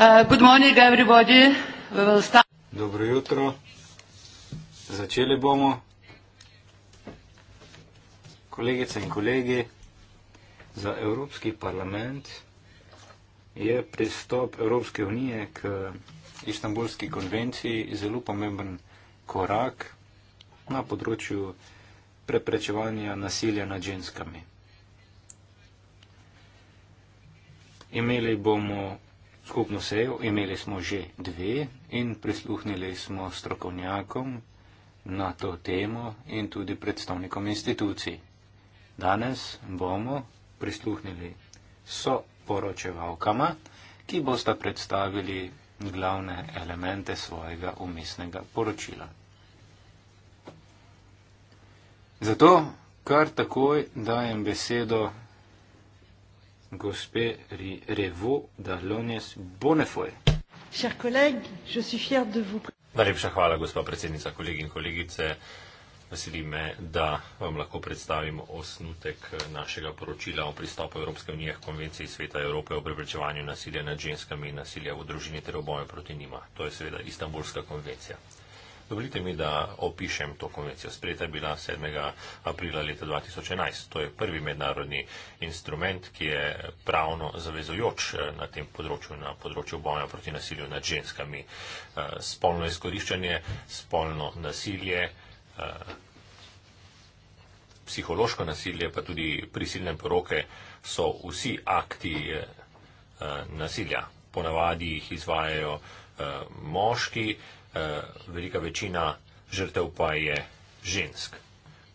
Eh, good morning, everybody. We will start. Dobro jutro. Začeli bomo. Kolegice in kolegi, za Evropski parlament je pristop Evropske unije k Istanbulski konvenciji zelo pomemben korak na področju preprečevanja nasilja nad ženskami. Imeli bomo skupno sejo, imeli smo že dve in prisluhnili smo strokovnjakom na to temo in tudi predstavnikom institucij. Danes bomo prisluhnili so poročevalkama, ki bosta predstavili glavne elemente svojega umestnega poročila. Zato kar takoj dajem besedo Gospe Revo Dalones Bonefoy. Najlepša hvala, gospa predsednica, kolegi in kolegice. Veseli me, da vam lahko predstavim osnutek našega poročila o pristopu Evropske unije k konvenciji Sveta Evrope o preprečevanju nasilja nad ženskami in nasilja v družini ter oboju proti njima. To je seveda Istanbulska konvencija. Dovolite mi, da opišem to konvencijo. Sprejeta je bila 7. aprila leta 2011. To je prvi mednarodni instrument, ki je pravno zavezojoč eh, na tem področju, na področju boja proti nasilju nad ženskami. Eh, spolno izkoriščanje, spolno nasilje, eh, psihološko nasilje, pa tudi prisilne poroke so vsi akti nasilja. Ponavadi jih izvajajo moški, Eh, velika večina žrtev pa je žensk.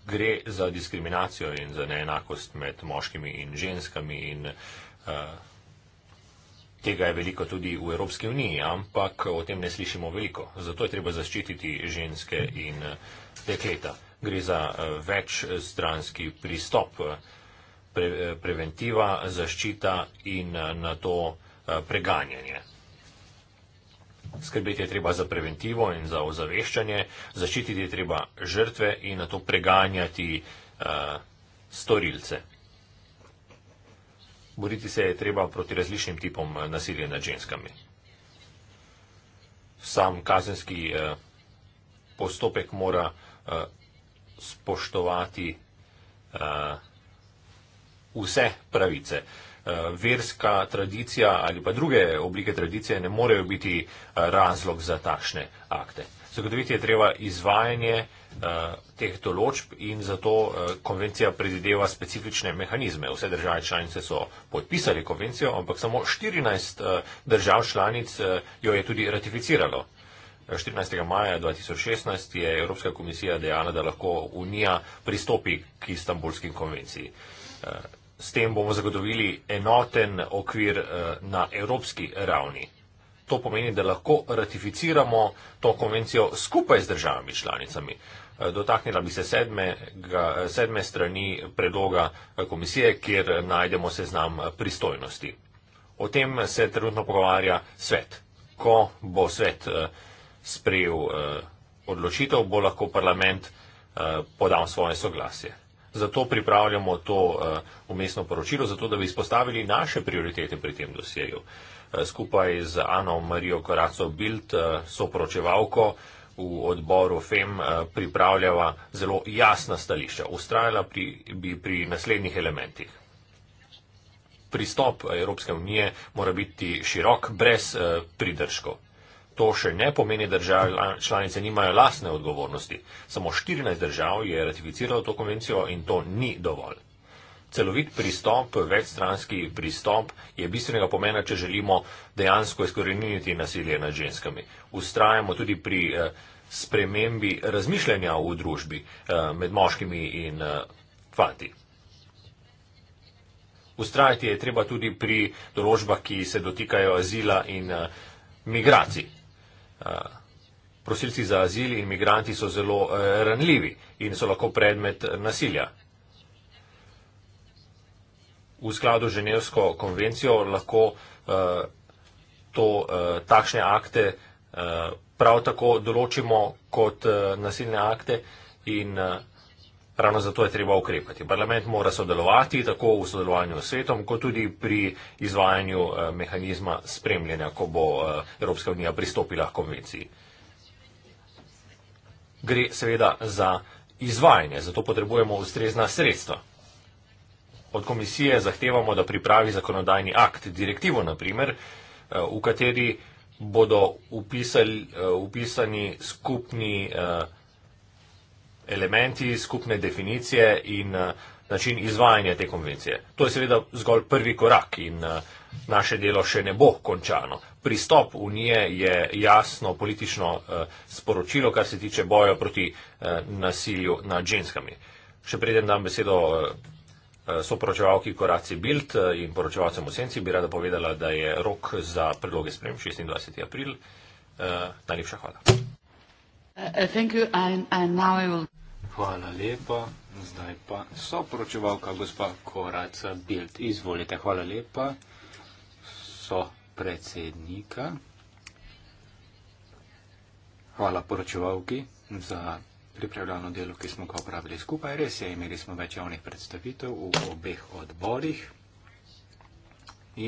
Gre za diskriminacijo in za neenakost med moškimi in ženskami in uh, tega je veliko tudi v Evropski uniji, ampak o tem ne slišimo veliko. Zato je treba zaščititi ženske in eh, dekleta. Gre za uh, večstranski pristop, pre, preventiva, zaščita in uh, na to uh, preganjanje skrbeti je treba za preventivo in za ozaveščanje, zaščititi je treba žrtve in na to preganjati uh, storilce. Boriti se je treba proti različnim tipom eh, nasilja nad ženskami. Sam kazenski eh, postopek mora eh, spoštovati eh, vse pravice. Eh, Eh, verska tradicija ali pa druge oblike tradicije ne morejo biti eh, razlog za takšne akte. Zagotoviti je treba izvajanje eh, teh določb in zato konvencija predideva specifične mehanizme. Vse države članice so podpisali konvencijo, ampak samo 14 držav članic jo je tudi ratificiralo. 14. maja 2016 je Evropska komisija dejala, da lahko Unija pristopi k istambulskim konvencijam. S tem bomo zagotovili enoten okvir eh, na evropski ravni. To pomeni, da lahko ratificiramo to konvencijo skupaj z državami članicami. Eh, dotaknila bi se sedmega, sedme strani predloga eh, komisije, kjer najdemo seznam pristojnosti. O tem se trenutno pogovarja svet. Ko bo svet sprejel odločitev, bo lahko parlament podal svoje soglasje zato pripravljamo to umestno eh, poročilo, zato da bi izpostavili naše prioritete pri tem dosjeju. Eh, skupaj z Ano Marijo Koraco Bild, eh, soporočevalko v odboru FEM, pripravljava zelo jasna stališča. Ustrajala pri, bi pri naslednjih elementih. Pristop Evropske unije mora biti širok, brez pridržkov. To še ne pomeni, da države članice nimajo lasne odgovornosti. Samo 14 držav je ratificiralo to konvencijo in to ni dovolj. Celovit pristop, večstranski pristop je bistvenega pomena, če želimo dejansko izkoreniniti nasilje nad ženskami. Ustrajamo tudi pri eh, spremembi razmišljanja v družbi eh, med moškimi in eh, fanti. Ustrajati je treba tudi pri določbah, ki se dotikajo azila in migracij. Eh, prosilci za azil in imigranti so zelo eh, ranljivi in so lahko predmet nasilja. V skladu z Ženevsko konvencijo lahko eh, to, takšne akte prav tako določimo kot nasilne akte in Ravno zato je treba ukrepati. Parlament mora sodelovati tako v sodelovanju s svetom, kot tudi pri izvajanju eh, mehanizma spremljanja, ko bo eh, Evropska unija pristopila k konvenciji. Gre seveda za izvajanje, zato potrebujemo ustrezna sredstva. Od komisije zahtevamo, da pripravi zakonodajni akt, direktivo na primer, eh, v kateri bodo upisali, upisani skupni. Uh, elementi skupne definicije in eh, način izvajanja te konvencije. To je seveda zgolj prvi korak in eh, naše delo še ne bo končano. Pristop unije je jasno politično eh, sporočilo, kar se tiče boja proti nasilju nad ženskami. Še preden dam besedo soporočevalki Koraci Bild in poročevalcem v Senci, bi rada povedala, da je rok za predloge sprejem 26. april. Najlepša hvala. Uh, uh, thank you. I, I now I will... Hvala lepa. Zdaj pa soporočevalka gospa Koraca Bild. Izvolite, hvala lepa. So predsednika. Hvala poročevalki za pripravljeno delo, ki smo ga opravili skupaj. Res je, imeli smo več javnih predstavitev v obeh odborih.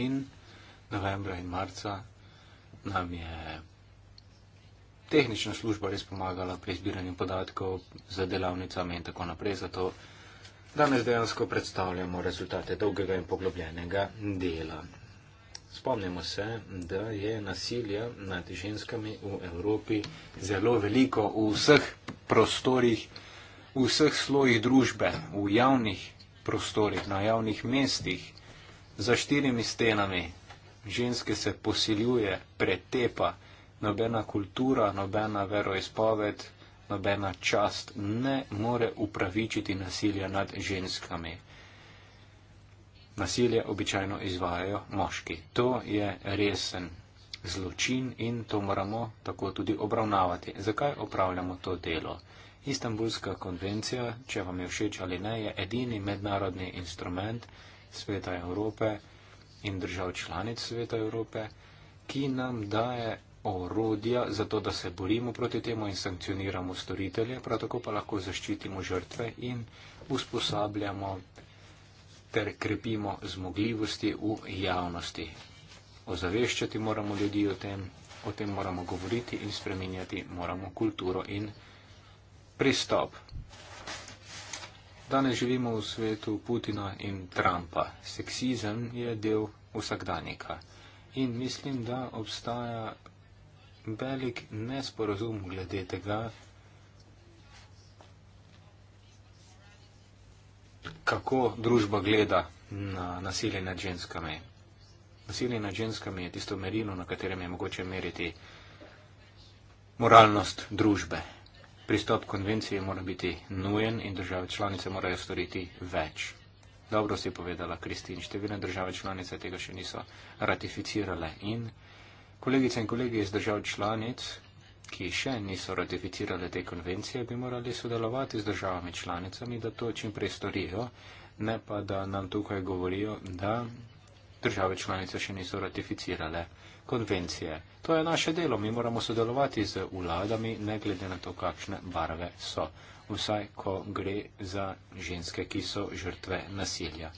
In novembra in marca nam je tehnična služba res pomagala pri zbiranju podatkov z delavnicami in tako naprej. Zato danes dejansko predstavljamo rezultate dolgega in poglobljenega dela. Spomnimo se, da je nasilja nad ženskami v Evropi zelo veliko v vseh prostorih, v vseh slojih družbe, v javnih prostorih, na javnih mestih, za štirimi stenami. Ženske se posiljuje, pretepa, nobena kultura, nobena veroizpoved, nobena čast ne more upravičiti nasilja nad ženskami. Nasilje običajno izvajajo moški. To je resen zločin in to moramo tako tudi obravnavati. Zakaj opravljamo to delo? Istanbulska konvencija, če vam je všeč ali ne, je edini mednarodni instrument sveta Evrope in držav članic sveta Evrope, ki nam daje orodja za to, da se borimo proti temu in sankcioniramo storitelje, prav tako pa lahko zaščitimo žrtve in usposabljamo ter krepimo zmogljivosti v javnosti. Ozaveščati moramo ljudi o tem, o tem moramo govoriti in spreminjati moramo kulturo in pristop. Danes živimo v svetu Putina in Trumpa. Seksizem je del vsakdanjika. In mislim, da obstaja velik nesporazum glede tega, kako družba gleda na nasilje nad ženskami. Nasilje nad ženskami je tisto merilo, na katerem je mogoče meriti moralnost družbe. Pristop konvencije mora biti nujen in države članice morajo storiti več. Dobro si povedala, Kristin, številne države članice tega še niso ratificirale in. Kolegice in kolegi iz držav članic, ki še niso ratificirale te konvencije, bi morali sodelovati z državami članicami, da to čim prej storijo, ne pa da nam tukaj govorijo, da države članice še niso ratificirale konvencije. To je naše delo, mi moramo sodelovati z vladami, ne glede na to, kakšne barve so, vsaj ko gre za ženske, ki so žrtve nasilja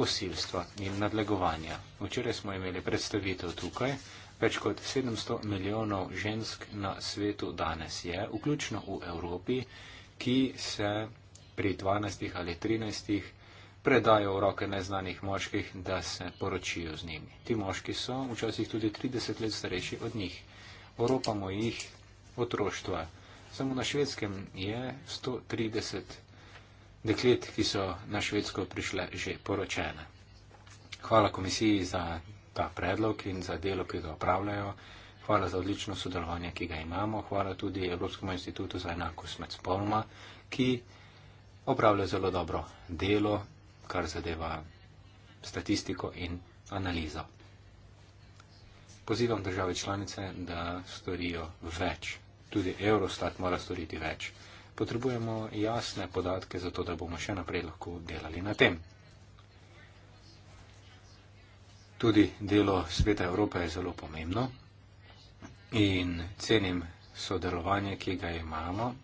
posilstva in nadlegovanja. Včeraj smo imeli predstavitev tukaj, Več kot 700 milijonov žensk na svetu danes je, vključno v Evropi, ki se pri 12 ali 13 predajo v roke neznanih moških, da se poročijo z njimi. Ti moški so včasih tudi 30 let starejši od njih. Oropamo jih otroštva. Samo na švedskem je 130 deklet, ki so na švedsko prišle že poročene. Hvala komisiji za ta predlog in za delo, ki ga upravljajo. Hvala za odlično sodelovanje, ki ga imamo. Hvala tudi Evropskemu institutu za enakost med spoloma, ki opravlja zelo dobro delo, kar zadeva statistiko in analizo. Pozivam države članice, da storijo več. Tudi Eurostat mora storiti več. Potrebujemo jasne podatke, zato da bomo še naprej lahko delali na tem tudi delo Sveta Evrope je zelo pomembno in cenim sodelovanje, ki ga imamo.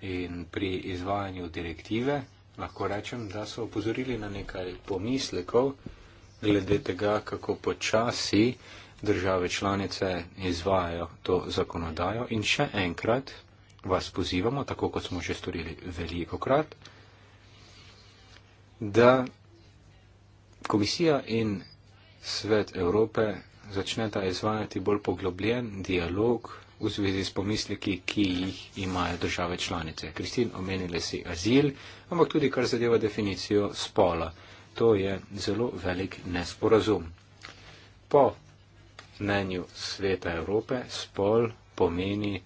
In pri izvajanju direktive lahko rečem, da so opozorili na nekaj pomislekov glede tega, kako počasi države članice izvajajo to zakonodajo. In še enkrat vas pozivamo, tako kot smo že storili veliko krat, da Komisija in Svet Evrope začneta izvajati bolj poglobljen dialog v zvezi s pomisleki, ki jih imajo države članice. Kristin, omenili si azil, ampak tudi kar zadeva definicijo spola. To je zelo velik nesporazum. Po mnenju Sveta Evrope spol pomeni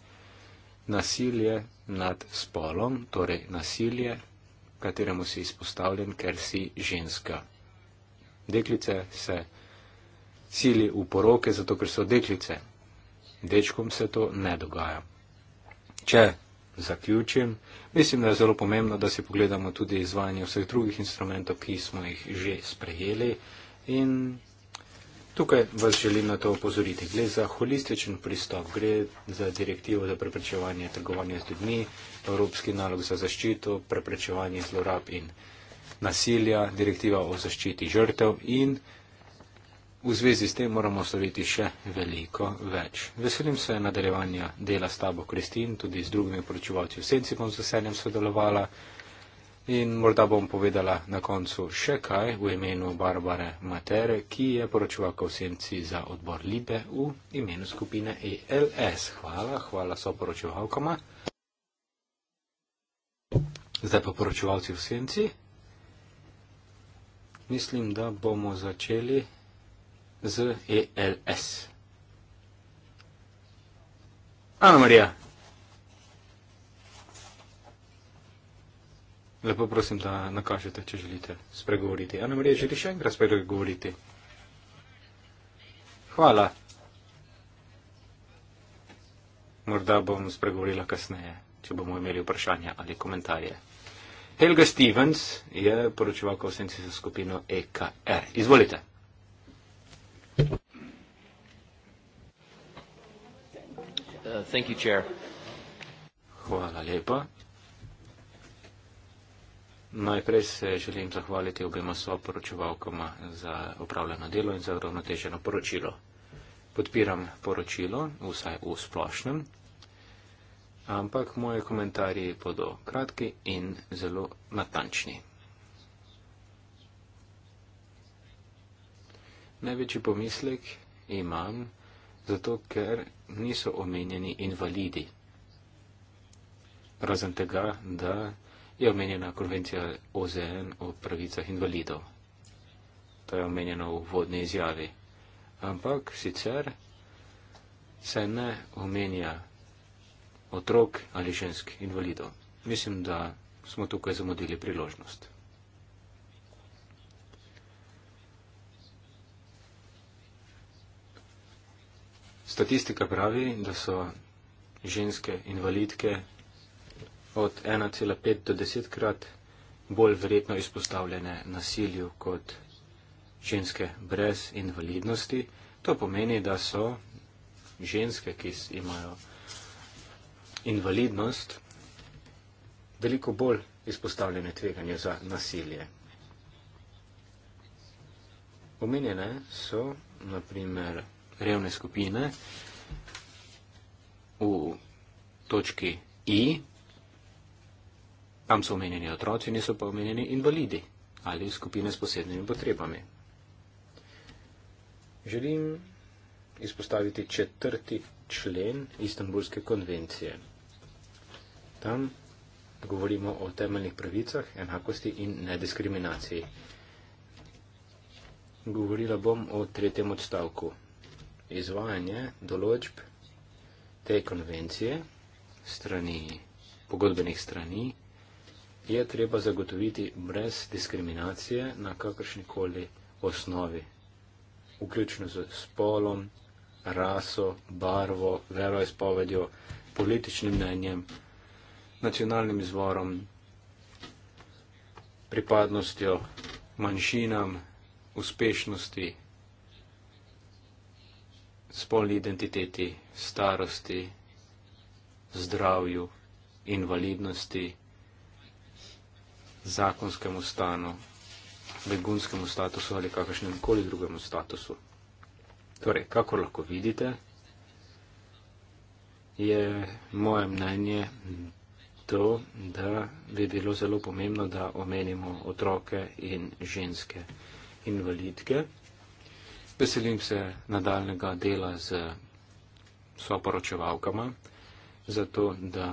nasilje nad spolom, torej nasilje, kateremu si izpostavljen, ker si ženska. Deklice se sili v poroke, zato ker so deklice. Dečkom se to ne dogaja. Če zaključim, mislim, da je zelo pomembno, da si pogledamo tudi izvajanje vseh drugih instrumentov, ki smo jih že sprejeli. In tukaj vas želim na to opozoriti. Gre za holističen pristop, gre za direktivo za preprečevanje trgovanja z ljudmi, evropski nalog za zaščito, preprečevanje zlorab in nasilja, direktiva o zaščiti žrtev in v zvezi s tem moramo storiti še veliko več. Veselim se nadaljevanja dela s tabo Kristin, tudi z drugimi poročevalci v Senci bom z veseljem sodelovala in morda bom povedala na koncu še kaj v imenu Barbare Matere, ki je poročevalka v Senci za odbor Libe v imenu skupine ELS. Hvala, hvala so poročevalkama. Zdaj pa poročevalci v Senci mislim, da bomo začeli z ELS. Ana Marija. Lepo prosim, da nakažete, če želite spregovoriti. Ana Marija, želiš še enkrat spregovoriti? Hvala. Morda bom spregovorila kasneje, če bomo imeli vprašanja ali komentarje. Helga Stevens je poročevalka v senci za skupino EKR. Izvolite. Uh, thank you, chair. Hvala lepa. Najprej se želim zahvaliti obema soporočevalkama za opravljeno delo in za uravnoteženo poročilo. Podpiram poročilo, vsaj v splošnem, ampak moje komentarje bodo kratki in zelo natančni. Največji pomislek imam zato, ker niso omenjeni invalidi. Razen tega, da je omenjena konvencija OZN o pravicah invalidov. To je omenjeno v vodni izjavi. Ampak sicer se ne omenja otrok ali žensk invalidov. Mislim, da smo tukaj zamudili priložnost. Statistika pravi, da so ženske invalidke od 1,5 do 10 krat bolj verjetno izpostavljene nasilju kot ženske brez invalidnosti. To pomeni, da so ženske, ki imajo invalidnost veliko bolj izpostavljene tveganje za nasilje. Omenjene so naprimer revne skupine v točki I, tam so omenjeni otroci, niso pa omenjeni invalidi ali skupine s posebnimi potrebami. Želim izpostaviti četrti člen Istanbulske konvencije tam govorimo o temeljnih pravicah, enakosti in nediskriminaciji. Govorila bom o tretjem odstavku. Izvajanje določb te konvencije strani, pogodbenih strani je treba zagotoviti brez diskriminacije na kakršnikoli osnovi, vključno z spolom, raso, barvo, veroizpovedjo, političnim mnenjem, nacionalnim izvorom, pripadnostjo manjšinam, uspešnosti, spolni identiteti, starosti, zdravju, invalidnosti, zakonskemu stanu, begunskemu statusu ali kakšnem koli drugemu statusu. Torej, kako lahko vidite, je moje mnenje, to, da bi bilo zelo pomembno, da omenimo otroke in ženske invalidke. Veselim se nadaljnega dela z soporočevalkama, zato da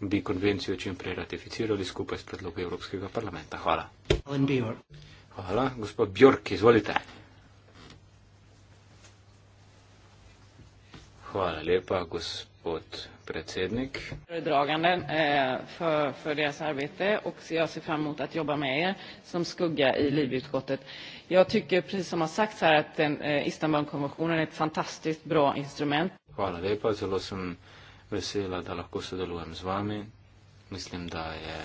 bi konvencijo čim prej ratificirali skupaj s predlogom Evropskega parlamenta. Hvala. Hvala, gospod Bjork, izvolite. Hvala lepa, gospod predsednik. Föredragande eh, för, för deras arbete och jag ser fram emot att jobba med er som skugga i livutskottet. Jag tycker precis som har sagts här att den eh, Istanbulkonventionen är ett fantastiskt bra instrument. Hvala lepa, zelo sem vesela, da lahko sodelujem z vami. Mislim, da je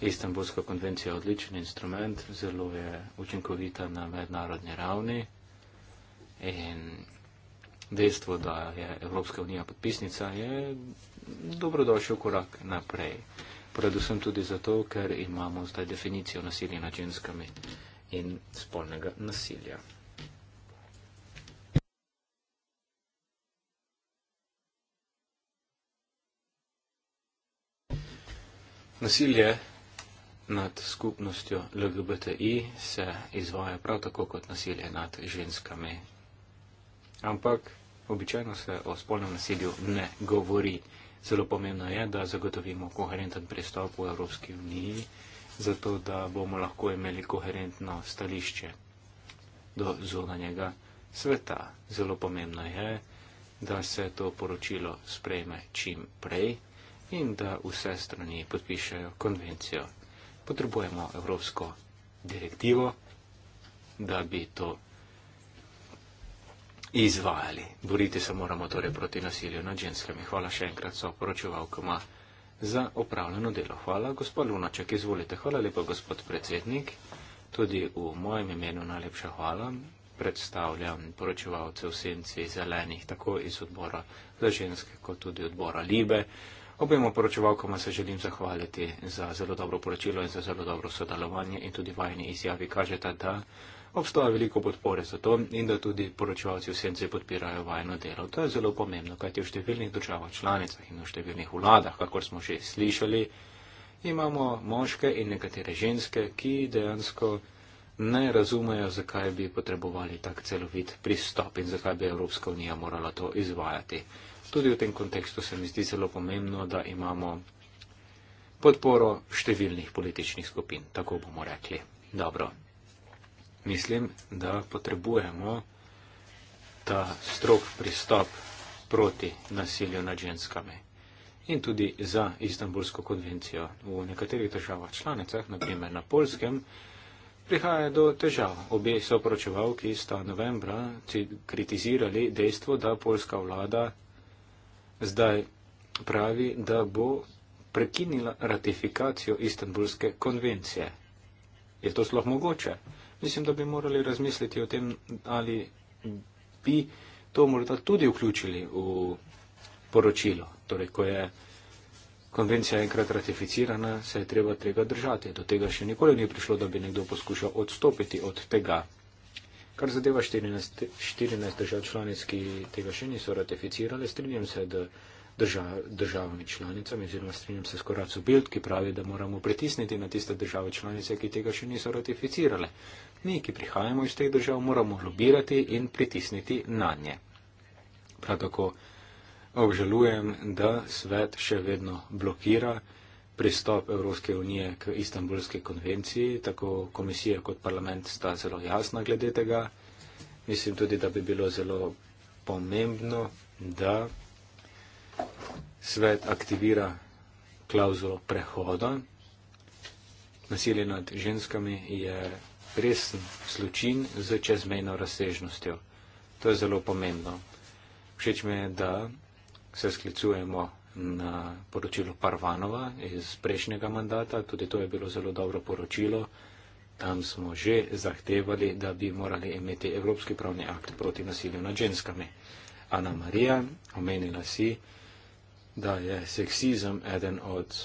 Istanbulska konvencija odličen instrument, zelo je učinkovita na mednarodni ravni. In dejstvo, da je Evropska unija podpisnica, je dobrodošel korak naprej. Predvsem tudi zato, ker imamo zdaj definicijo nasilja nad ženskami in spolnega nasilja. Nasilje nad skupnostjo LGBTI se izvaja prav tako kot nasilje nad ženskami ampak običajno se o spolnem nasilju ne govori. Zelo pomembno je, da zagotovimo koherenten pristop v Evropski uniji, zato da bomo lahko imeli koherentno stališče do zunanjega sveta. Zelo pomembno je, da se to poročilo sprejme čim prej in da vse strani podpišajo konvencijo. Potrebujemo evropsko direktivo, da bi to izvajali. Boriti se moramo torej proti nasilju nad ženskami. Hvala še enkrat so poročevalkama za opravljeno delo. Hvala, gospod Lunaček, izvolite. Hvala lepa, gospod predsednik. Tudi v mojem imenu najlepša hvala. Predstavljam poročevalce v senci zelenih, tako iz odbora za ženske, kot tudi odbora Libe. Obema poročevalkama se želim zahvaliti za zelo dobro poročilo in za zelo dobro sodelovanje in tudi vajni izjavi kažeta, da obstaja veliko podpore za to in da tudi poročevalci v senci podpirajo vajno delo. To je zelo pomembno, kajti v številnih državah članicah in v številnih vladah, kakor smo že slišali, imamo moške in nekatere ženske, ki dejansko ne razumejo, zakaj bi potrebovali tak celovit pristop in zakaj bi Evropska unija morala to izvajati. Tudi v tem kontekstu se mi zdi zelo pomembno, da imamo podporo številnih političnih skupin, tako bomo rekli. Dobro mislim, da potrebujemo ta strok pristop proti nasilju nad ženskami. In tudi za Istanbulsko konvencijo. V nekaterih državah članicah, naprimer na Polskem, prihaja do težav. Obe so poročevalki sta novembra kritizirali dejstvo, da polska vlada zdaj pravi, da bo prekinila ratifikacijo Istanbulske konvencije. Je to sploh mogoče? mislim, da bi morali razmisliti o tem, ali bi to morda tudi vključili v poročilo. Torej, ko je konvencija enkrat ratificirana, se je treba tega držati. Do tega še nikoli ni prišlo, da bi nekdo poskušal odstopiti od tega. Kar zadeva 14, 14 držav članic, ki tega še niso ratificirali, strinjam se, da državami članicami oziroma strinjam se s Koracu Bild, ki pravi, da moramo pritisniti na tiste države članice, ki tega še niso ratificirale. Mi, ki prihajamo iz teh držav, moramo lobirati in pritisniti na nje. Prav tako obžalujem, da svet še vedno blokira pristop Evropske unije k Istanbulski konvenciji, tako komisija kot parlament sta zelo jasna glede tega. Mislim tudi, da bi bilo zelo pomembno, da svet aktivira klauzulo prehoda. Nasilje nad ženskami je resen zločin z čezmejno razsežnostjo. To je zelo pomembno. Všeč mi je, da se sklicujemo na poročilo Parvanova iz prejšnjega mandata. Tudi to je bilo zelo dobro poročilo. Tam smo že zahtevali, da bi morali imeti Evropski pravni akt proti nasilju nad ženskami. Ana Marija, omenila si, da je seksizem eden od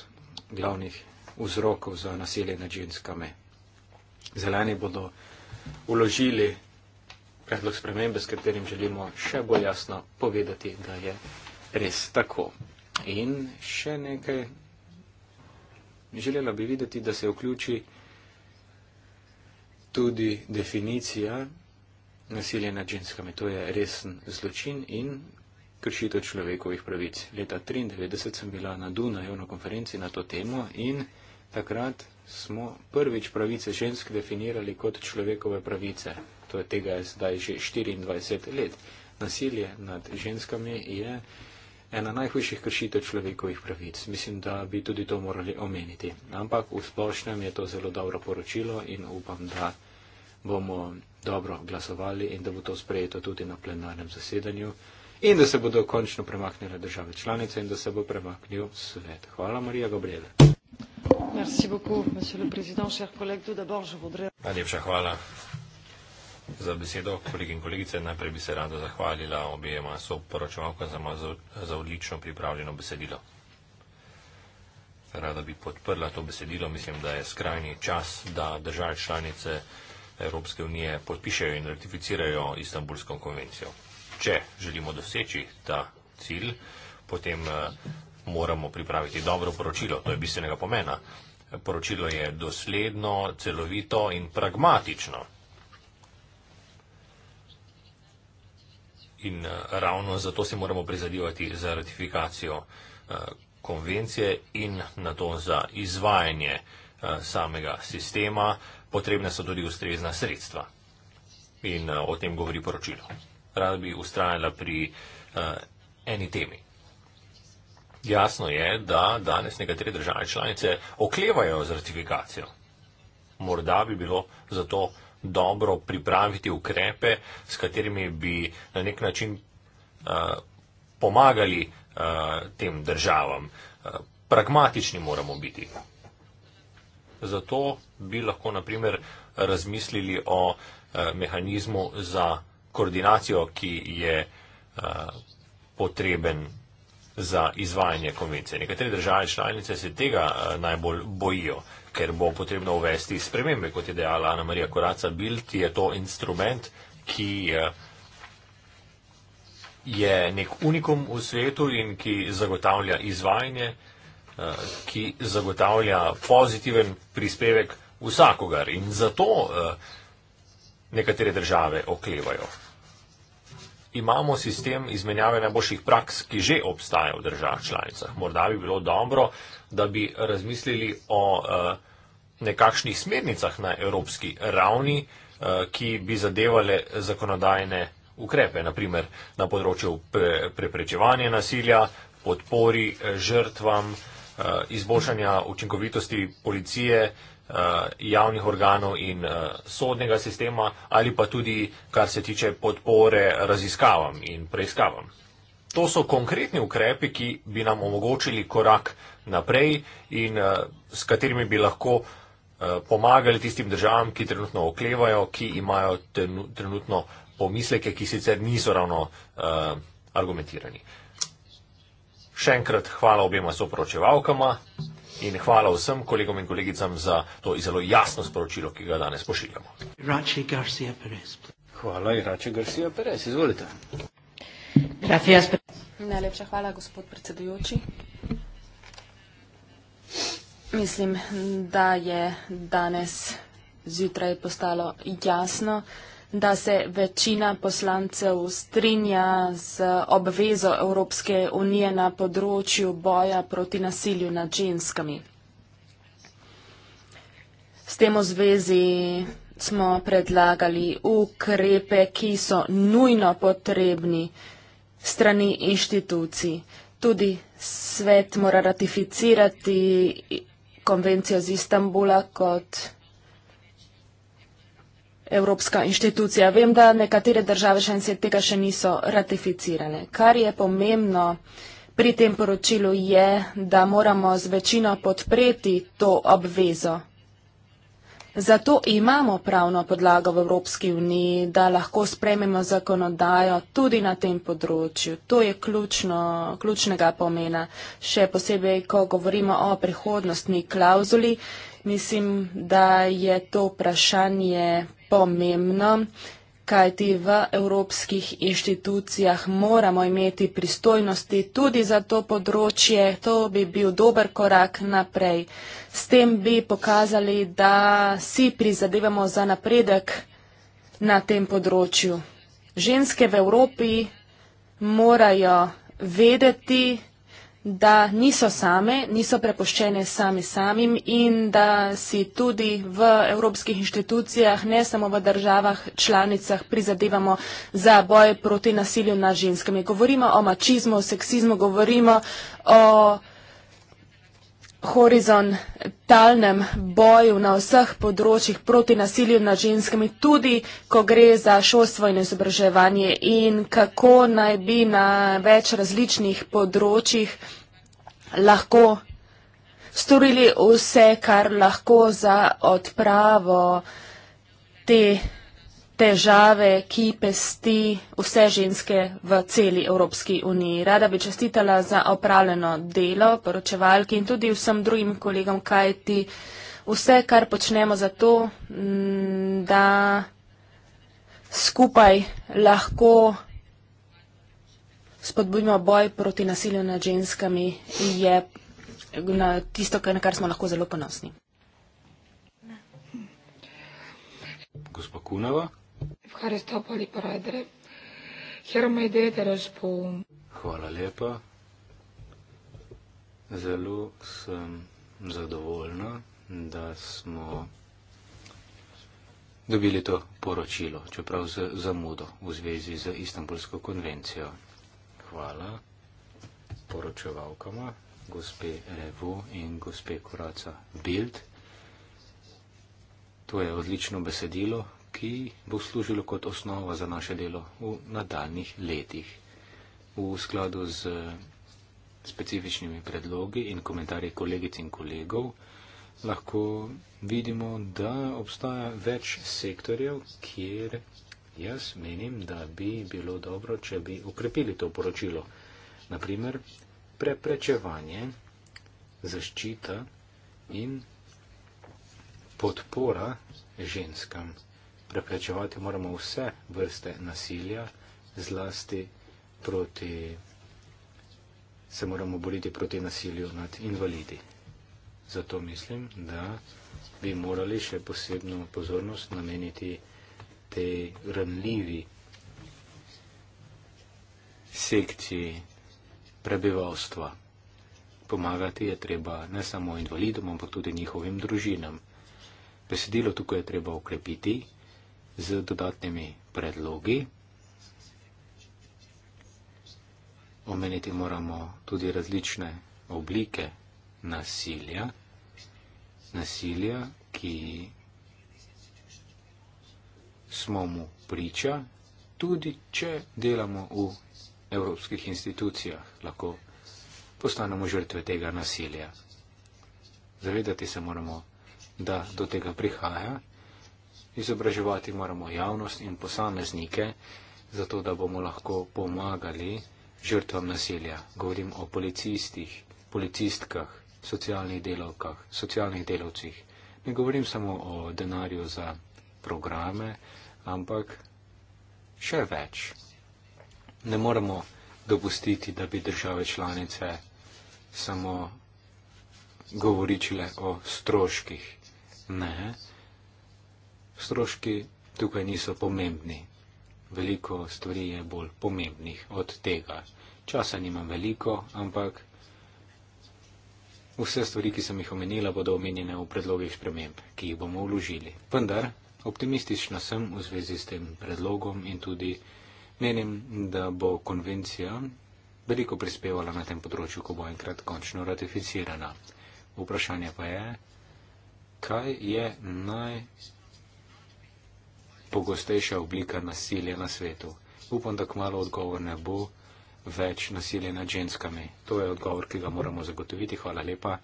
glavnih vzrokov za nasilje nad ženskami. Zeleni bodo uložili predlog spremembe, s katerim želimo še bolj jasno povedati, da je res tako. In še nekaj. Želela bi videti, da se vključi tudi definicija nasilja nad ženskami. To je resen zločin in kršitev človekovih pravic. Leta 1993 sem bila na Dunaju na konferenci na to temo in takrat smo prvič pravice žensk definirali kot človekove pravice. To je tega je zdaj že 24 let. Nasilje nad ženskami je ena najhujših kršitev človekovih pravic. Mislim, da bi tudi to morali omeniti. Ampak v splošnem je to zelo dobro poročilo in upam, da bomo dobro glasovali in da bo to sprejeto tudi na plenarnem zasedanju in da se bodo končno premaknile države članice in da se bo premaknil svet. Hvala, Marija Gabriele. Najlepša hvala za besedo, kolegi in kolegice. Najprej bi se rada zahvalila objema soporočevalka za, za odlično pripravljeno besedilo. Rada bi podprla to besedilo. Mislim, da je skrajni čas, da države članice Evropske unije podpišejo in ratificirajo Istanbulsko konvencijo če želimo doseči ta cilj, potem eh, moramo pripraviti dobro poročilo. To je bistvenega pomena. Poročilo je dosledno, celovito in pragmatično. In eh, ravno zato si moramo prizadevati za ratifikacijo eh, konvencije in na to za izvajanje samega sistema. Potrebna so tudi ustrezna sredstva. In o tem govori poročilo rada bi ustrajala pri uh, eni temi. Jasno je, da danes nekatere države članice oklevajo z ratifikacijo. Morda bi bilo zato dobro pripraviti ukrepe, s katerimi bi na nek način uh, pomagali uh, tem državam. Uh, pragmatični moramo biti. Zato bi lahko naprimer razmislili o uh, mehanizmu za koordinacijo, ki je eh, potreben za izvajanje konvencije. Nekatere države članice se tega eh, najbolj bojijo, ker bo potrebno uvesti spremembe, kot je dejala Ana Marija Koraca. Bilt je to instrument, ki eh, je nek unikum v svetu in ki zagotavlja izvajanje, ki zagotavlja pozitiven prispevek vsakogar. In zato uh, nekatere države oklevajo. Imamo sistem izmenjave najboljših praks, ki že obstaja v državah članicah. Morda bi bilo dobro, da bi razmislili o eh, nekakšnih smernicah na evropski ravni, eh, ki bi zadevale zakonodajne ukrepe, naprimer na področju preprečevanja nasilja, podpori eh, žrtvam, izboljšanja učinkovitosti policije, Eh, javnih organov in eh, sodnega sistema ali pa tudi, kar se tiče podpore raziskavam in preiskavam. To so konkretni ukrepi, ki bi nam omogočili korak naprej in eh, s katerimi bi lahko pomagali tistim državam, ki trenutno oklevajo, ki imajo trenutno pomisleke, ki sicer niso ravno argumentirani. Še enkrat hvala obema sopročevalkama in hvala vsem kolegom in kolegicam za to zelo jasno sporočilo, ki ga danes pošiljamo. Hvala, Irače Garcia Perez, izvolite. Gracias. Najlepša hvala, gospod predsedujoči. Mislim, da je danes zjutraj postalo jasno, da se večina poslancev strinja z obvezo Evropske unije na področju boja proti nasilju nad ženskami. S tem v zvezi smo predlagali ukrepe, ki so nujno potrebni strani inštitucij. Tudi svet mora ratificirati konvencijo z Istambula kot evropska inštitucija. Vem, da nekatere države članice tega še niso ratificirale. Kar je pomembno pri tem poročilu je, da moramo z večino podpreti to obvezo Zato imamo pravno podlago v Evropski uniji, da lahko sprememo zakonodajo tudi na tem področju. To je ključno, ključnega pomena, še posebej, ko govorimo o prihodnostni klauzuli. Mislim, da je to vprašanje pomembno, kajti v evropskih inštitucijah moramo imeti pristojnosti tudi za to področje. To bi bil dober korak naprej. S tem bi pokazali, da si prizadevamo za napredek na tem področju. Ženske v Evropi morajo vedeti, da niso same, niso prepoščene sami samim in da si tudi v evropskih inštitucijah, ne samo v državah, članicah prizadevamo za boj proti nasilju nad ženskami. Govorimo o mačizmu, o seksizmu, govorimo o horizontalnem boju na vseh področjih proti nasilju nad ženskami, tudi ko gre za šolstvo in izobraževanje in kako naj bi na več različnih področjih lahko storili vse, kar lahko za odpravo te težave, ki pesti vse ženske v celi Evropski uniji. Rada bi čestitala za opravljeno delo, poročevalki in tudi vsem drugim kolegom, kaj ti vse, kar počnemo za to, mm, da skupaj lahko spodbudimo boj proti nasilju nad ženskami, je na tisto, na kar smo lahko zelo ponosni. Gospa Kunava kar je stopali paradere. Hermaj dete razpom. Hvala lepa. Zelo sem zadovoljna, da smo dobili to poročilo, čeprav z zamudo v zvezi z Istanbulsko konvencijo. Hvala poročevalkama, gospe Revu in gospe Kuraca Bild. To je odlično besedilo, ki bo služilo kot osnova za naše delo v nadaljnih letih. V skladu z specifičnimi predlogi in komentarji kolegic in kolegov lahko vidimo, da obstaja več sektorjev, kjer jaz menim, da bi bilo dobro, če bi ukrepili to poročilo. Naprimer, preprečevanje, zaščita in podpora ženskam preprečevati moramo vse vrste nasilja, zlasti proti, se moramo boriti proti nasilju nad invalidi. Zato mislim, da bi morali še posebno pozornost nameniti te ranljivi sekciji prebivalstva. Pomagati je treba ne samo invalidom, ampak tudi njihovim družinam. Besedilo tukaj je treba ukrepiti z dodatnimi predlogi. Omeniti moramo tudi različne oblike nasilja, nasilja, ki smo mu priča, tudi če delamo v evropskih institucijah, lahko postanemo žrtve tega nasilja. Zavedati se moramo, da do tega prihaja izobraževati moramo javnost in posameznike, zato da bomo lahko pomagali žrtvam nasilja. Govorim o policistih, policistkah, socialnih delovkah, socialnih delovcih. Ne govorim samo o denarju za programe, ampak še več. Ne moramo dopustiti, da bi države članice samo govoričile o stroških. Ne stroški tukaj niso pomembni. Veliko stvari je bolj pomembnih od tega. Časa nimam veliko, ampak vse stvari, ki sem jih omenila, bodo omenjene v predlogih sprememb, ki jih bomo vložili. Vendar optimistična sem v zvezi s tem predlogom in tudi menim, da bo konvencija veliko prispevala na tem področju, ko bo enkrat končno ratificirana. Vprašanje pa je, kaj je najsprejemljivejše pogostejša oblika nasilja na svetu. Upam, da kmalo odgovor ne bo več nasilje nad ženskami. To je odgovor, ki ga moramo zagotoviti. Hvala lepa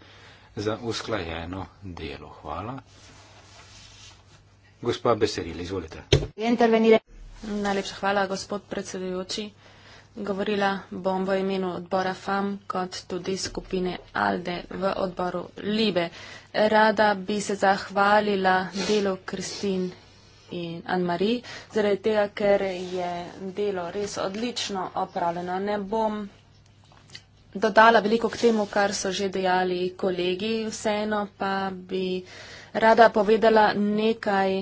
za usklajeno delo. Hvala. Gospa Beseril, izvolite. Najlepša hvala, gospod predsedujoči. Govorila bom v imenu odbora FAM kot tudi skupine ALDE v odboru LIBE. Rada bi se zahvalila delu Kristin in Anne-Marie, zaradi tega, ker je delo res odlično opravljeno. Ne bom dodala veliko k temu, kar so že dejali kolegi, vseeno pa bi rada povedala nekaj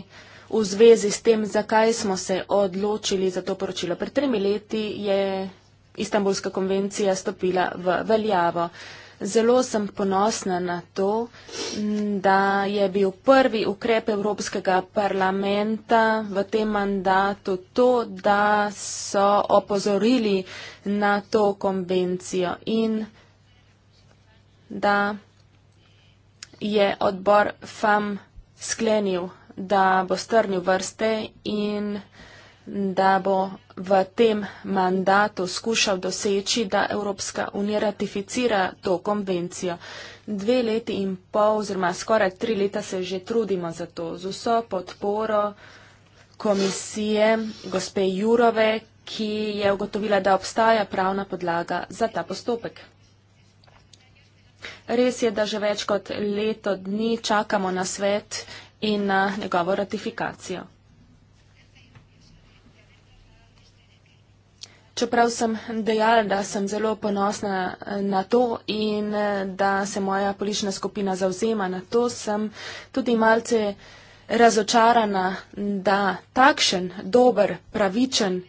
v zvezi s tem, zakaj smo se odločili za to poročilo. Pred tremi leti je Istanbulska konvencija stopila v veljavo. Zelo sem ponosna na to, da je bil prvi ukrep Evropskega parlamenta v tem mandatu to, da so opozorili na to konvencijo in da je odbor FAM sklenil, da bo strnil vrste in da bo strnil vrste da bo v tem mandatu skušal doseči, da Evropska unija ratificira to konvencijo. Dve leti in pol oziroma skoraj tri leta se že trudimo za to. Z vso podporo komisije gospe Jurove, ki je ugotovila, da obstaja pravna podlaga za ta postopek. Res je, da že več kot leto dni čakamo na svet in na njegovo ratifikacijo. čeprav sem dejala, da sem zelo ponosna eh, na to in eh, da se moja politična skupina zauzema na to, sem tudi malce razočarana, da takšen dober, pravičen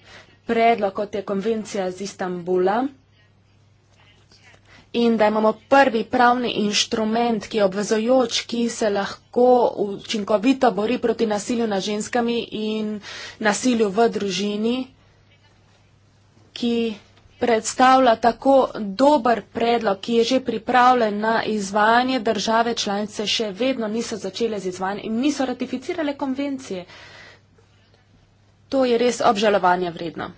predlog, kot je konvencija z Istambula, In da imamo prvi pravni inštrument, ki je obvezojoč, ki se lahko učinkovito bori proti nasilju na ženskami in nasilju v družini, ki predstavlja tako dober predlog, ki je že pripravljen na izvajanje, države članice še vedno niso začele z izvajanjem in niso ratificirale konvencije. To je res obžalovanje vredno.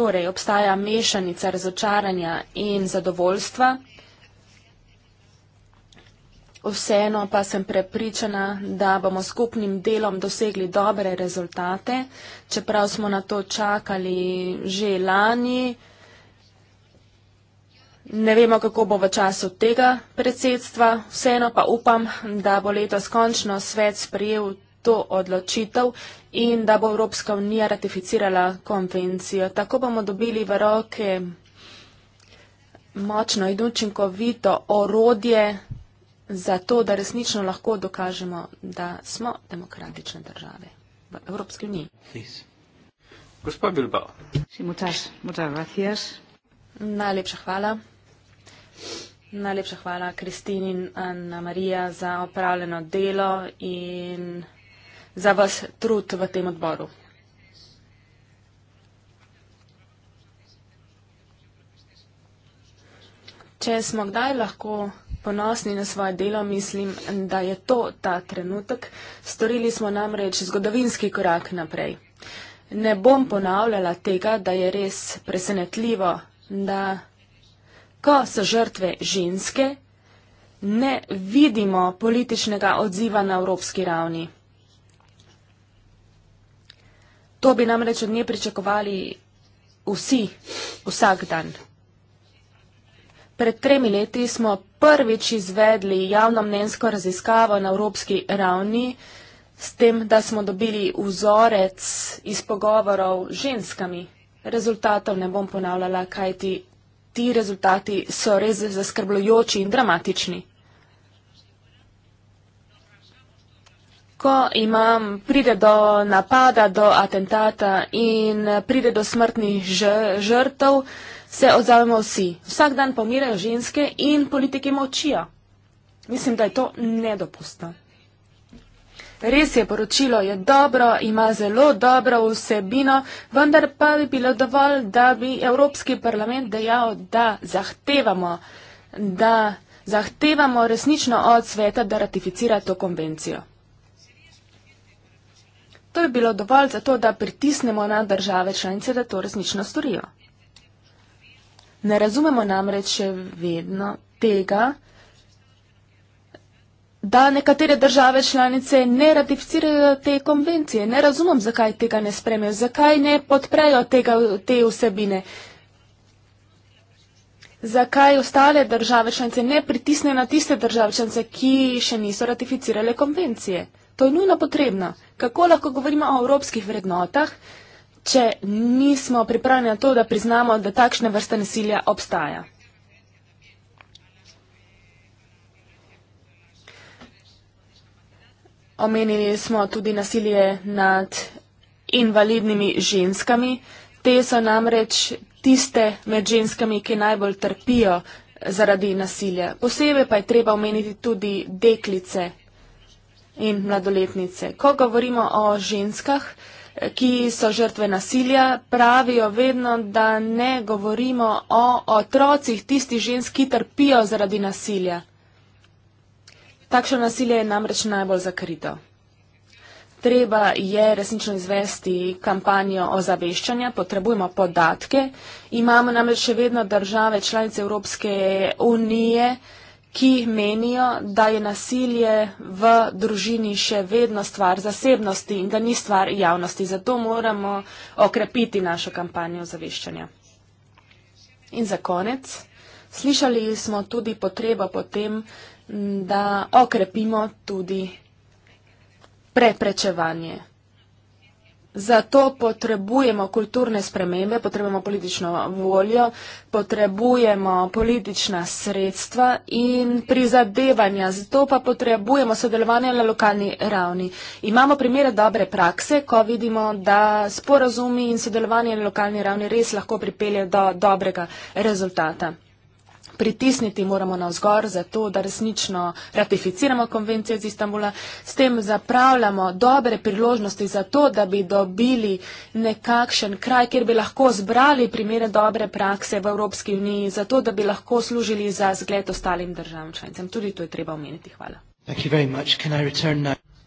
Torej, obstaja mešanica razočaranja in zadovoljstva. Vseeno pa sem prepričana, da bomo skupnim delom dosegli dobre rezultate, čeprav smo na to čakali že lani. Ne vemo, kako bo v času tega predsedstva. Vseeno pa upam, da bo letos končno svet sprejel to odločitev in da bo Evropska unija ratificirala konvencijo. Tako bomo dobili v roke močno in učinkovito orodje zato, da resnično lahko dokažemo, da smo demokratične države v Evropski uniji. Gospod Bilbao. Najlepša hvala. Najlepša hvala Kristini in Anna Marija za opravljeno delo in za vas trud v tem odboru. Če smo kdaj lahko ponosni na svoje delo, mislim, da je to ta trenutek. Storili smo namreč zgodovinski korak naprej. Ne bom ponavljala tega, da je res presenetljivo, da ko so žrtve ženske, ne vidimo političnega odziva na evropski ravni. To bi namreč od nje pričakovali vsi, vsak dan. Pred tremi leti smo prvič izvedli javnomnensko raziskavo na evropski ravni s tem, da smo dobili vzorec iz pogovorov z ženskami. Rezultatov ne bom ponavljala, kajti ti rezultati so res zaskrbljujoči in dramatični. Ko imam, pride do napada, do atentata in pride do smrtnih žrtev, žr žr žr žr žr žr žr se odzovemo vsi. Vsak dan pomirajo ženske in politike močijo. Mislim, da je to nedopustno. Res je, poročilo je dobro, ima zelo dobro vsebino, vendar pa bi bilo dovolj, da bi Evropski parlament dejal, da zahtevamo, da zahtevamo resnično od sveta, da ratificira to konvencijo. To je bilo dovolj za to, da pritisnemo na države članice, da to resnično storijo. Ne razumemo namreč še vedno tega, da nekatere države članice ne ratificirajo te konvencije. Ne razumem, zakaj tega ne spremejo, zakaj ne podprejo tega, te vsebine. Zakaj ostale države članice ne pritisnejo na tiste države članice, ki še niso ratificirale konvencije. To je nujno potrebno. Kako lahko govorimo o evropskih vrednotah? če nismo pripravljeni na to, da priznamo, da takšne vrste nasilja obstaja. Omenili smo tudi nasilje nad invalidnimi ženskami. Te so namreč tiste med ženskami, ki najbolj trpijo zaradi nasilja. Posebej pa je treba omeniti tudi deklice in mladoletnice. Ko govorimo o ženskah, uh, ki so žrtve nasilja, pravijo vedno, da ne govorimo o otrocih tistih žensk, ki trpijo zaradi nasilja. Takšno nasilje je namreč najbolj zakrito. Treba je resnično izvesti kampanjo ozaveščanja, potrebujemo podatke. Imamo namreč še vedno države članice Evropske unije, ki menijo, da je nasilje v družini še vedno stvar zasebnosti in da ni stvar javnosti. Zato moramo okrepiti našo kampanjo zaveščanja. In za konec, slišali smo tudi potrebo potem, da okrepimo tudi preprečevanje. Zato potrebujemo kulturne spremembe, potrebujemo politično voljo, potrebujemo politična sredstva in prizadevanja. Zato pa potrebujemo sodelovanje na lokalni ravni. Imamo primere dobre prakse, ko vidimo, da sporazumi in sodelovanje na lokalni ravni res lahko pripelje do dobrega rezultata pritisniti moramo na vzgor za to, da resnično ratificiramo konvencijo iz Istambula. S tem zapravljamo dobre priložnosti za to, da bi dobili nekakšen kraj, kjer bi lahko zbrali primere dobre prakse v Evropski uniji, za to, da bi lahko služili za zgled ostalim državam članicam. Tudi to je treba omeniti. Hvala.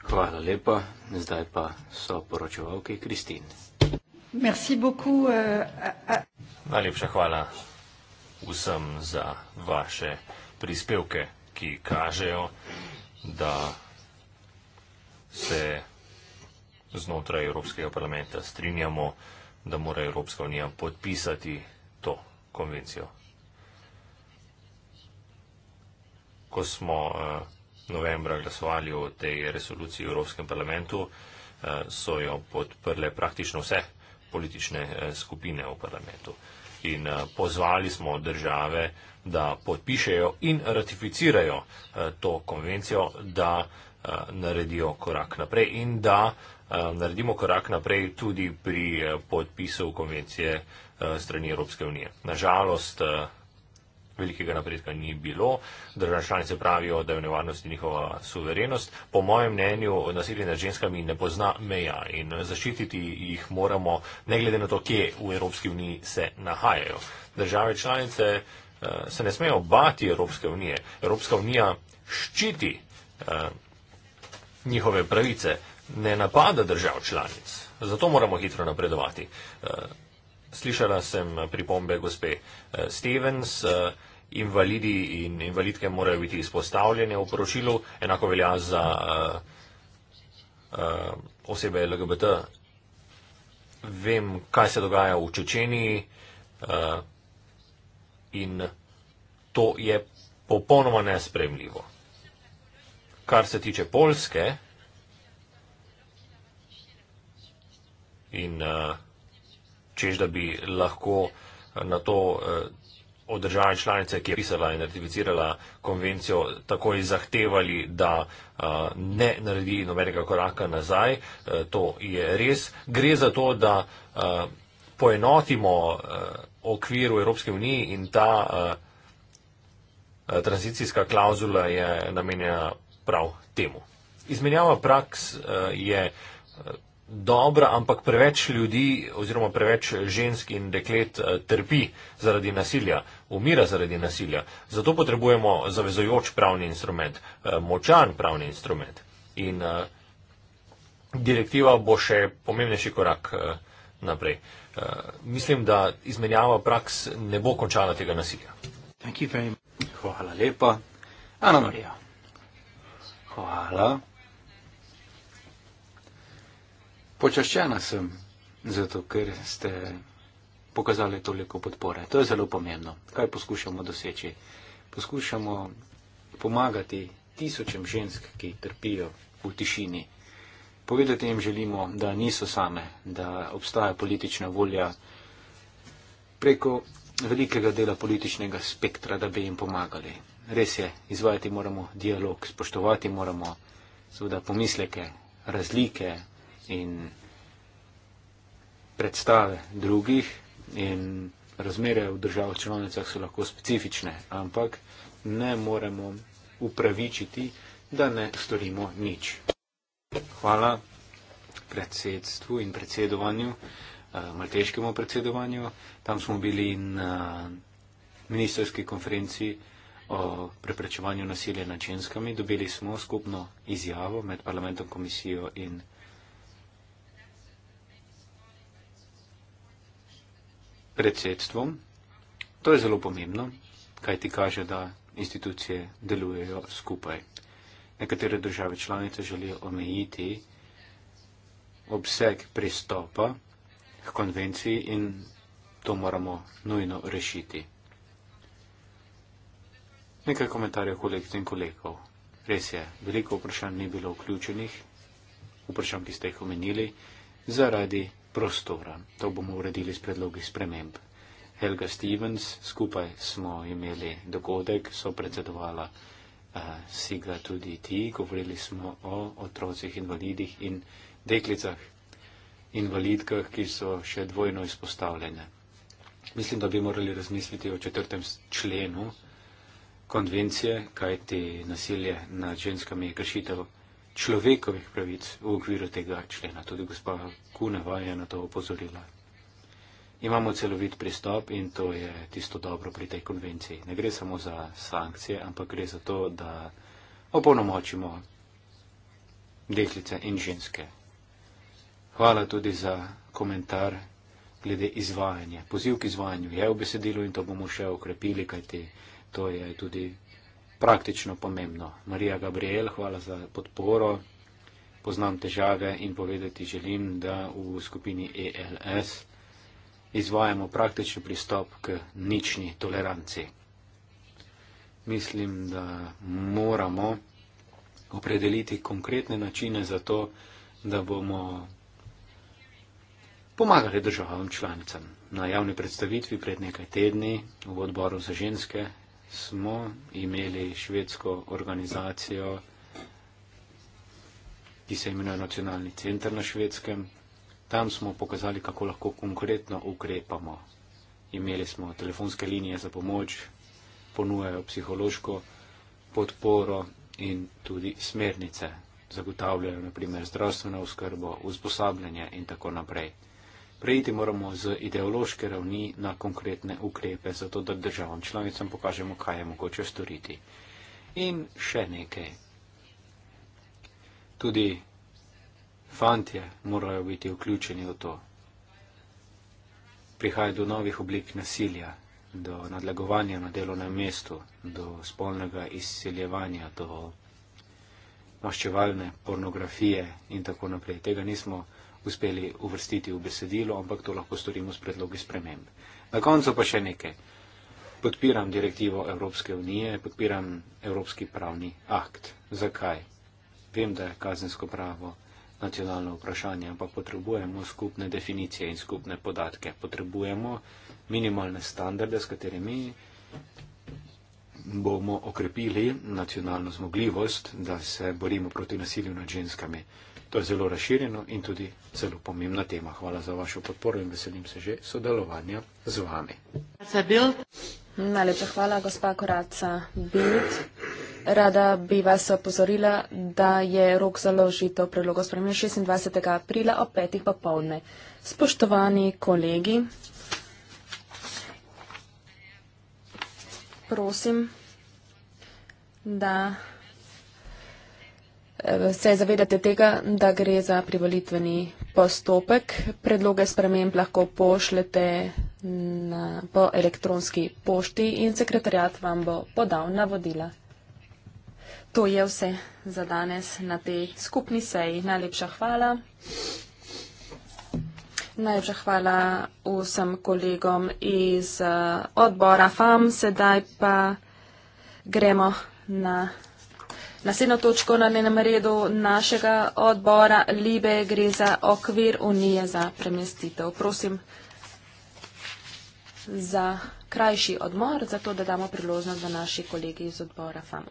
Hvala lepa. Zdaj pa so poročevalke Kristin. Merci beaucoup. Uh, uh, Najlepša hvala vsem za vaše prispevke, ki kažejo, da se znotraj Evropskega parlamenta strinjamo, da mora Evropska unija podpisati to konvencijo. Ko smo eh, novembra glasovali o tej resoluciji v Evropskem parlamentu, eh, so jo podprle praktično vse politične eh, skupine v parlamentu in eh, pozvali smo države, da podpišejo in ratificirajo eh, to konvencijo, da eh, naredijo korak naprej in da naredimo korak naprej tudi pri podpisu konvencije strani Evropske unije. Nažalost, velikega napredka ni bilo. Države članice pravijo, da je v nevarnosti njihova suverenost. Po mojem mnenju nasilje nad ženskami ne pozna meja in zaščititi jih moramo, ne glede na to, kje v Evropski uniji se nahajajo. Države članice uh, se ne smejo bati Evropske unije. Evropska unija ščiti uh, njihove pravice, ne napada držav članic. Zato moramo hitro napredovati. Uh, slišala sem pripombe gospe uh, Stevens. Uh, invalidi in invalidke morajo biti izpostavljene v poročilu, enako velja za uh, uh, osebe LGBT. Vem, kaj se dogaja v Čečeniji uh, in to je popolnoma nespremljivo. Kar se tiče Polske in uh, čež, da bi lahko na to uh, od države članice, ki je pisala in ratificirala konvencijo, takoj zahtevali, da ne naredi nobenega koraka nazaj. E, to je res. Gre za to, da poenotimo okvir v Evropske unije in ta tranzicijska klauzula je namenjena prav temu. Izmenjava praks je dobra, ampak preveč ljudi oziroma preveč žensk in deklet trpi zaradi nasilja umira zaradi nasilja. Zato potrebujemo zavezojoč pravni instrument, eh, močan pravni instrument. In eh, direktiva bo še pomembnejši korak eh, naprej. Mislim, da izmenjava praks ne bo končala tega nasilja. Hvala lepa. Ana Marija. Hvala. Počaščena sem, zato ker ste pokazali toliko podpore. To je zelo pomembno. Kaj poskušamo doseči? Poskušamo pomagati tisočem žensk, ki trpijo v tišini. Povedati jim želimo, da niso same, da obstaja politična volja preko velikega dela političnega spektra, da bi jim pomagali. Res je, izvajati moramo dialog, spoštovati moramo seveda pomisleke, razlike in predstave drugih, in razmere v državah članicah so lahko specifične, ampak ne moremo upravičiti, da ne storimo nič. Hvala predsedstvu in predsedovanju, eh, malteškemu predsedovanju. Tam smo bili na eh, ministerski konferenci o preprečevanju nasilja nad ženskami. Dobili smo skupno izjavo med parlamentom, komisijo in. predsedstvom. To je zelo pomembno, kaj ti kaže, da institucije delujejo skupaj. Nekatere države članice želijo omejiti obseg pristopa k konvenciji in to moramo nujno rešiti. Nekaj komentarjev kolegic in kolegov. Res je, veliko vprašanj ni bilo vključenih, vprašanj, ki ste jih omenili, zaradi prostora. To bomo uredili s predlogi sprememb. Helga Stevens, skupaj smo imeli dogodek, so predsedovala uh, eh, si ga tudi ti, govorili smo o otrocih invalidih in deklicah, invalidkah, ki so še dvojno izpostavljene. Mislim, da bi morali razmisliti o četrtem členu konvencije, kajti nasilje nad ženskami je kršitev človekovih pravic v okviru tega člena. Tudi gospa Kuneva je na to opozorila. Imamo celovit pristop in to je tisto dobro pri tej konvenciji. Ne gre samo za sankcije, ampak gre za to, da opolnomočimo deklice in ženske. Hvala tudi za komentar glede izvajanja. Poziv k izvajanju je v besedilu in to bomo še okrepili, kajti to je tudi praktično pomembno. Marija Gabriel, hvala za podporo. Poznam težave in povedati želim, da v skupini ELS izvajamo praktični pristop k nični toleranci. Mislim, da moramo opredeliti konkretne načine za to, da bomo pomagali državam članicam. Na javni predstavitvi pred nekaj tedni v odboru za ženske smo imeli švedsko organizacijo, ki se imenuje Nacionalni center na švedskem. Tam smo pokazali, kako lahko konkretno ukrepamo. Imeli smo telefonske linije za pomoč, ponujajo psihološko podporo in tudi smernice. Zagotavljajo naprimer zdravstveno oskrbo, usposabljanje in tako naprej. Preiti moramo z ideološke ravni na konkretne ukrepe, zato da državam članicam pokažemo, kaj je mogoče storiti. In še nekaj. Tudi fantje morajo biti vključeni v to. Prihaja do novih oblik nasilja, do nadlegovanja na delovnem mestu, do spolnega izseljevanja, do maščevalne pornografije in tako naprej. Tega nismo uspeli uvrstiti v besedilo, ampak to lahko storimo s predlogi sprememb. Na koncu pa še nekaj. Podpiram direktivo Evropske unije, podpiram Evropski pravni akt. Zakaj? Vem, da je kazensko pravo nacionalno vprašanje, ampak potrebujemo skupne definicije in skupne podatke. Potrebujemo minimalne standarde, s katerimi bomo okrepili nacionalno zmogljivost, da se borimo proti nasilju nad ženskami. To je zelo razširjeno in tudi zelo pomembna tema. Hvala za vašo podporo in veselim se že sodelovanja z vami. Najlepša hvala, gospa Koraca Bild. Rada bi vas opozorila, da je rok za ložitev predlogo spremljen 26. aprila o 5. popovdne. Spoštovani kolegi, prosim, da Eh, se zavedate tega, da gre za privolitveni postopek. Predloge sprememb lahko pošljete na, po elektronski pošti in sekretarjat vam bo podal navodila. To je vse za danes na tej skupni seji. Najlepša hvala. Najlepša hvala vsem kolegom iz eh, odbora FAM. Sedaj pa gremo na. Naslednjo točko na njenem redu našega odbora Libe gre za okvir Unije za premestitev. Prosim za krajši odmor, zato da damo priložnost, da naši kolegi iz odbora FAM.